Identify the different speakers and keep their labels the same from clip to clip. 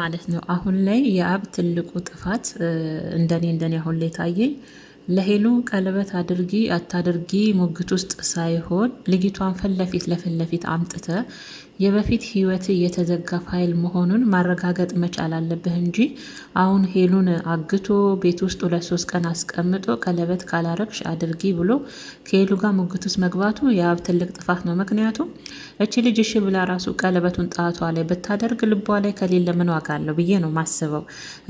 Speaker 1: ማለት ነው። አሁን ላይ የአብ ትልቁ ጥፋት እንደኔ እንደኔ አሁን ላይ ታየኝ ለሄሉ ቀለበት አድርጊ አታድርጊ ሙግት ውስጥ ሳይሆን ልጅቷን ፊት ለፊት ለፊት ለፊት አምጥተ የበፊት ህይወት የተዘጋ ፋይል መሆኑን ማረጋገጥ መቻል አለብህ እንጂ አሁን ሄሉን አግቶ ቤት ውስጥ ሁለት ሶስት ቀን አስቀምጦ ቀለበት ካላረግሽ አድርጊ ብሎ ከሄሉ ጋር ሙግት ውስጥ መግባቱ የአብ ትልቅ ጥፋት ነው። ምክንያቱም እች ልጅ እሺ ብላ ራሱ ቀለበቱን ጣቷ ላይ ብታደርግ ልቧ ላይ ከሌለ ምን ዋጋ አለው ብዬ ነው ማስበው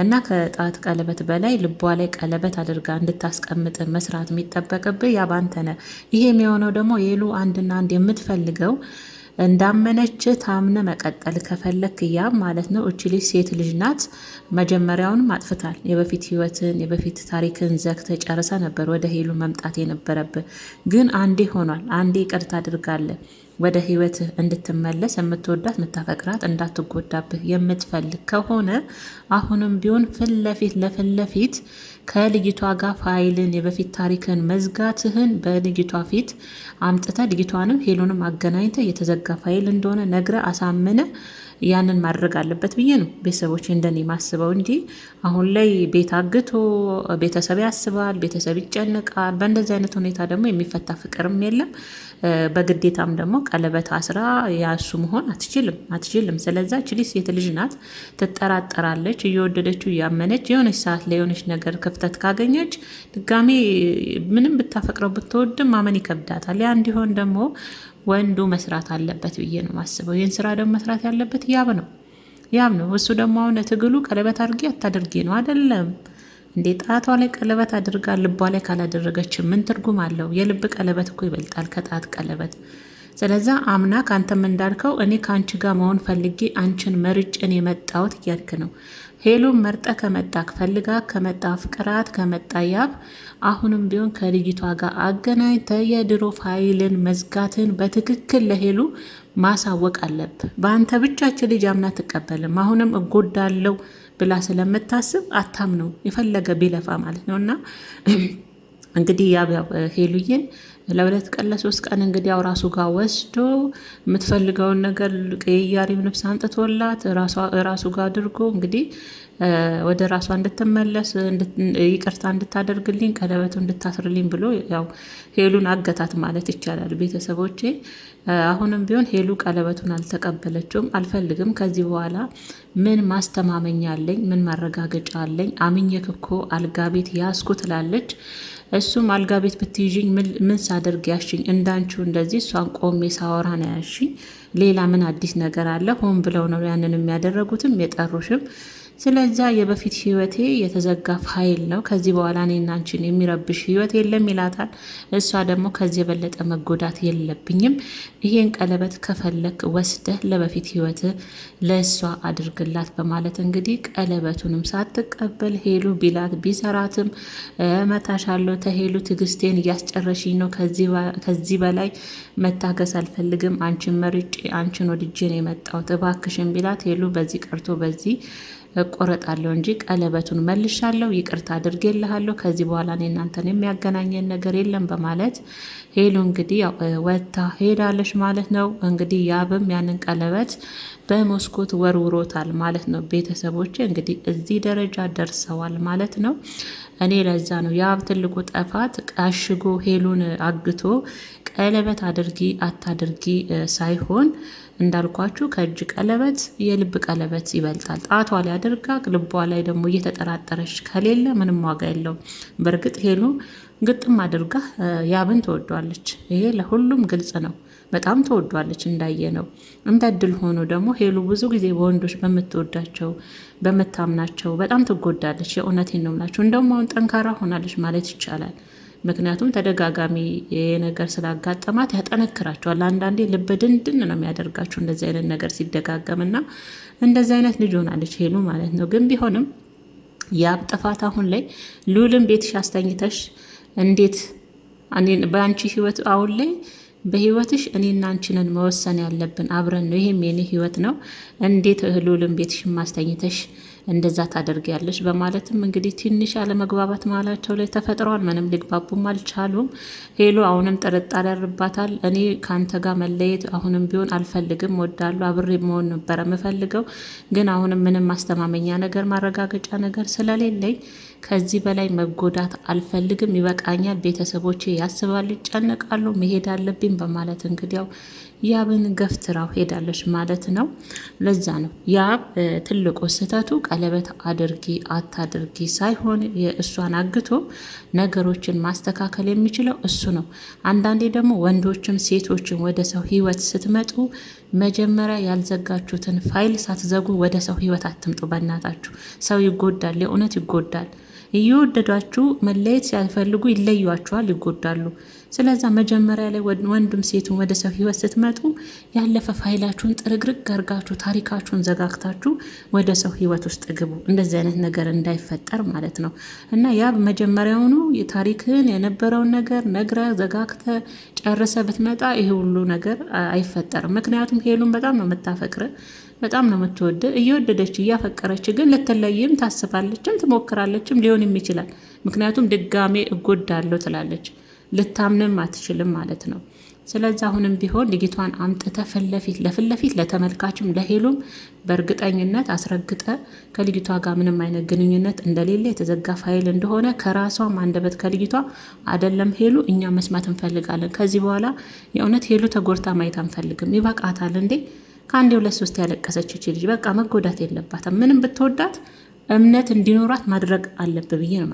Speaker 1: እና ከጣት ቀለበት በላይ ልቧ ላይ ቀለበት አድርጋ እንድታስቀምጥ መስራት የሚጠበቅብህ ያ ባንተ ነህ። ይሄ የሚሆነው ደግሞ ሄሉ አንድና አንድ የምትፈልገው እንዳመነች ታምነ መቀጠል ከፈለክ እያ ማለት ነው። እች ልጅ ሴት ልጅ ናት። መጀመሪያውንም አጥፍታል። የበፊት ህይወትን የበፊት ታሪክን ዘግተ ጨርሰ ነበር ወደ ሄሉ መምጣት የነበረብ፣ ግን አንዴ ሆኗል። አንዴ ይቅርታ አድርጋለ ወደ ህይወትህ እንድትመለስ የምትወዳት የምታፈቅራት እንዳትጎዳብህ የምትፈልግ ከሆነ አሁንም ቢሆን ፊት ለፊት ለፊት ለፊት ከልጅቷ ጋር ፋይልን የበፊት ታሪክን መዝጋትህን በልጅቷ ፊት አምጥተ ልጅቷንም ሄሎንም አገናኝተ የተዘጋ ፋይል እንደሆነ ነግረ አሳምነ ያንን ማድረግ አለበት ብዬ ነው ቤተሰቦች እንደኔ ማስበው እንጂ አሁን ላይ ቤት አግቶ ቤተሰብ ያስባል፣ ቤተሰብ ይጨንቃል። በእንደዚህ አይነት ሁኔታ ደግሞ የሚፈታ ፍቅርም የለም። በግዴታም ደግሞ ቀለበት አስራ ያሱ መሆን አትችልም አትችልም። ስለዛ ችሊ ሴት ልጅ ናት፣ ትጠራጠራለች። እየወደደችው እያመነች የሆነች ሰዓት ለየሆነች ነገር ክፍተት ካገኘች ድጋሜ ምንም ብታፈቅረው ብትወድም ማመን ይከብዳታል። ያ እንዲሆን ደግሞ ወንዱ መስራት አለበት ብዬ ነው ማስበው። ይህን ስራ ደግሞ መስራት ያለበት ያብ ነው ያብ ነው። እሱ ደግሞ አሁን ትግሉ ቀለበት አድርጌ አታደርጌ ነው አይደለም እንዴ? ጣቷ ላይ ቀለበት አድርጋ ልቧ ላይ ካላደረገች ምን ትርጉም አለው? የልብ ቀለበት እኮ ይበልጣል ከጣት ቀለበት። ስለዛ አምና ከአንተም እንዳልከው እኔ ከአንቺ ጋር መሆን ፈልጌ አንቺን መርጬን የመጣሁት እያልክ ነው። ሄሉም መርጠ ከመጣ ፈልጋ ከመጣ ፍቅራት ከመጣ ያብ አሁንም ቢሆን ከልጅቷ ጋር አገናኝተ የድሮ ፋይልን መዝጋትን በትክክል ለሄሉ ማሳወቅ አለብ። በአንተ ብቻችን ልጅ አምና ትቀበልም። አሁንም እጎዳለው ብላ ስለምታስብ አታም ነው የፈለገ ቢለፋ ማለት ነው እና እንግዲህ ያብ ሄሉዬን ለሁለት ቀን ለሶስት ቀን እንግዲህ ያው ራሱ ጋር ወስዶ የምትፈልገውን ነገር ቅያሪም ልብስ አንጥቶላት ራሱ ጋር አድርጎ እንግዲህ ወደ ራሷ እንድትመለስ ይቅርታ እንድታደርግልኝ ቀለበቱ እንድታስርልኝ ብሎ ያው ሄሉን አገታት ማለት ይቻላል። ቤተሰቦቼ አሁንም ቢሆን ሄሉ ቀለበቱን አልተቀበለችውም። አልፈልግም፣ ከዚህ በኋላ ምን ማስተማመኛ አለኝ? ምን ማረጋገጫ አለኝ? አምኝክኮ እኮ አልጋ ቤት ያስኩ ትላለች። እሱም አልጋ ቤት ብትይዥኝ ምን ሳደርግ ያሽኝ? እንዳንቺው እንደዚህ እሷን ቆሜ ሳወራ ነው ያሽኝ። ሌላ ምን አዲስ ነገር አለ? ሆን ብለው ነው ያንን የሚያደረጉትም የጠሩሽም ስለዛ የበፊት ህይወቴ የተዘጋ ፋይል ነው፣ ከዚህ በኋላ እኔና አንቺን የሚረብሽ ህይወት የለም ይላታል። እሷ ደግሞ ከዚህ የበለጠ መጎዳት የለብኝም፣ ይሄን ቀለበት ከፈለክ ወስደህ ለበፊት ህይወት ለእሷ አድርግላት በማለት እንግዲህ ቀለበቱንም ሳትቀበል ሄሉ ቢላት ቢሰራትም መታሻለሁ፣ ተሄሉ ትግስቴን እያስጨረሽኝ ነው፣ ከዚህ በላይ መታገስ አልፈልግም፣ አንቺን መርጬ አንቺን ወድጄን የመጣሁት እባክሽን ቢላት ሄሉ በዚህ ቀርቶ በዚህ እቆረጣለሁ እንጂ ቀለበቱን መልሻለሁ፣ ይቅርታ አድርጌልሃለሁ፣ ከዚህ በኋላ እኔ እናንተን የሚያገናኘን ነገር የለም በማለት ሄሉ እንግዲህ ወታ ሄዳለች ማለት ነው። እንግዲህ ያብም ያንን ቀለበት በመስኮት ወርውሮታል ማለት ነው። ቤተሰቦች እንግዲህ እዚህ ደረጃ ደርሰዋል ማለት ነው። እኔ ለዛ ነው ያብ ትልቁ ጥፋት አሽጎ ሄሉን አግቶ ቀለበት አድርጊ አታድርጊ ሳይሆን እንዳልኳችሁ ከእጅ ቀለበት የልብ ቀለበት ይበልጣል። ጣቷ ላይ አድርጋ ልቧ ላይ ደግሞ እየተጠራጠረች ከሌለ ምንም ዋጋ የለውም። በእርግጥ ሄሉ ግጥም አድርጋ ያብን ትወዷለች። ይሄ ለሁሉም ግልጽ ነው። በጣም ተወዷለች እንዳየ ነው። እንደ እድል ሆኖ ደግሞ ሄሉ ብዙ ጊዜ በወንዶች በምትወዳቸው በምታምናቸው በጣም ትጎዳለች። የእውነቴን ነው የምላችሁ። እንደውም አሁን ጠንካራ ሆናለች ማለት ይቻላል። ምክንያቱም ተደጋጋሚ ይሄ ነገር ስላጋጠማት ያጠነክራቸዋል። አንዳንዴ ልብ ድንድን ነው የሚያደርጋቸው እንደዚህ አይነት ነገር ሲደጋገምና እንደዚህ አይነት ልጅ ሆናለች ሄሉ ማለት ነው። ግን ቢሆንም ያብ ጥፋት አሁን ላይ ሉልም ቤትሽ አስተኝተሽ እንዴት በአንቺ ህይወት አሁን ላይ በህይወትሽ እኔና አንቺንን መወሰን ያለብን አብረን ነው። ይሄም የኔ ህይወት ነው። እንዴት እህሉልን ቤትሽ ማስተኝተሽ እንደዛ ታደርጊያለሽ በማለትም እንግዲህ ትንሽ አለመግባባት መሀላቸው ላይ ተፈጥሯል። ምንም ሊግባቡም አልቻሉም። ሄሎ አሁንም ጥርጣሬ ያርባታል። እኔ ከአንተ ጋር መለየት አሁንም ቢሆን አልፈልግም፣ ወዳለሁ አብሬ መሆን ነበረ የምፈልገው ግን አሁንም ምንም ማስተማመኛ ነገር ማረጋገጫ ነገር ስለሌለኝ ከዚህ በላይ መጎዳት አልፈልግም፣ ይበቃኛል። ቤተሰቦቼ ያስባሉ፣ ይጨነቃሉ፣ መሄድ አለብኝ በማለት እንግዲያው ያብን ገፍትራው ሄዳለች ማለት ነው። ለዛ ነው ያብ ትልቁ ስህተቱ ቀለበት አድርጊ አታድርጊ ሳይሆን የእሷን አግቶ ነገሮችን ማስተካከል የሚችለው እሱ ነው። አንዳንዴ ደግሞ ወንዶችም ሴቶችም ወደ ሰው ህይወት ስትመጡ መጀመሪያ ያልዘጋችሁትን ፋይል ሳትዘጉ ወደ ሰው ህይወት አትምጡ። በእናታችሁ ሰው ይጎዳል፣ የእውነት ይጎዳል። እየወደዷችሁ መለየት ሲያልፈልጉ ይለዩዋችኋል፣ ይጎዳሉ። ስለዛ መጀመሪያ ላይ ወንዱም ሴቱን ወደ ሰው ህይወት ስትመጡ ያለፈ ፋይላችሁን ጥርግርግ አርጋችሁ ታሪካችሁን ዘጋግታችሁ ወደ ሰው ህይወት ውስጥ ግቡ። እንደዚህ አይነት ነገር እንዳይፈጠር ማለት ነው እና ያ መጀመሪያውኑ ታሪክህን የነበረውን ነገር ነግረ ዘጋግተ ጨርሰ ብትመጣ ይሄ ሁሉ ነገር አይፈጠርም። ምክንያቱም ሄሉን በጣም ነው የምታፈቅር በጣም ነው የምትወድ። እየወደደች እያፈቀረች ግን ልትለይም ታስባለችም ትሞክራለችም ሊሆንም ይችላል። ምክንያቱም ድጋሜ እጎዳለሁ ትላለች። ልታምንም አትችልም ማለት ነው። ስለዚ አሁንም ቢሆን ልጅቷን አምጥተ ፍለፊት ለፍለፊት ለተመልካችም ለሄሉም በእርግጠኝነት አስረግጠ ከልጅቷ ጋር ምንም አይነት ግንኙነት እንደሌለ የተዘጋ ፋይል እንደሆነ ከራሷም አንደበት ከልጅቷ አይደለም ሄሉ እኛ መስማት እንፈልጋለን። ከዚህ በኋላ የእውነት ሄሉ ተጎድታ ማየት አንፈልግም። ይበቃታል እንዴ! ከአንድ ሁለት ሶስት ያለቀሰች ልጅ በቃ መጎዳት የለባትም። ምንም ብትወዳት እምነት እንዲኖራት ማድረግ አለብ ብዬ ነው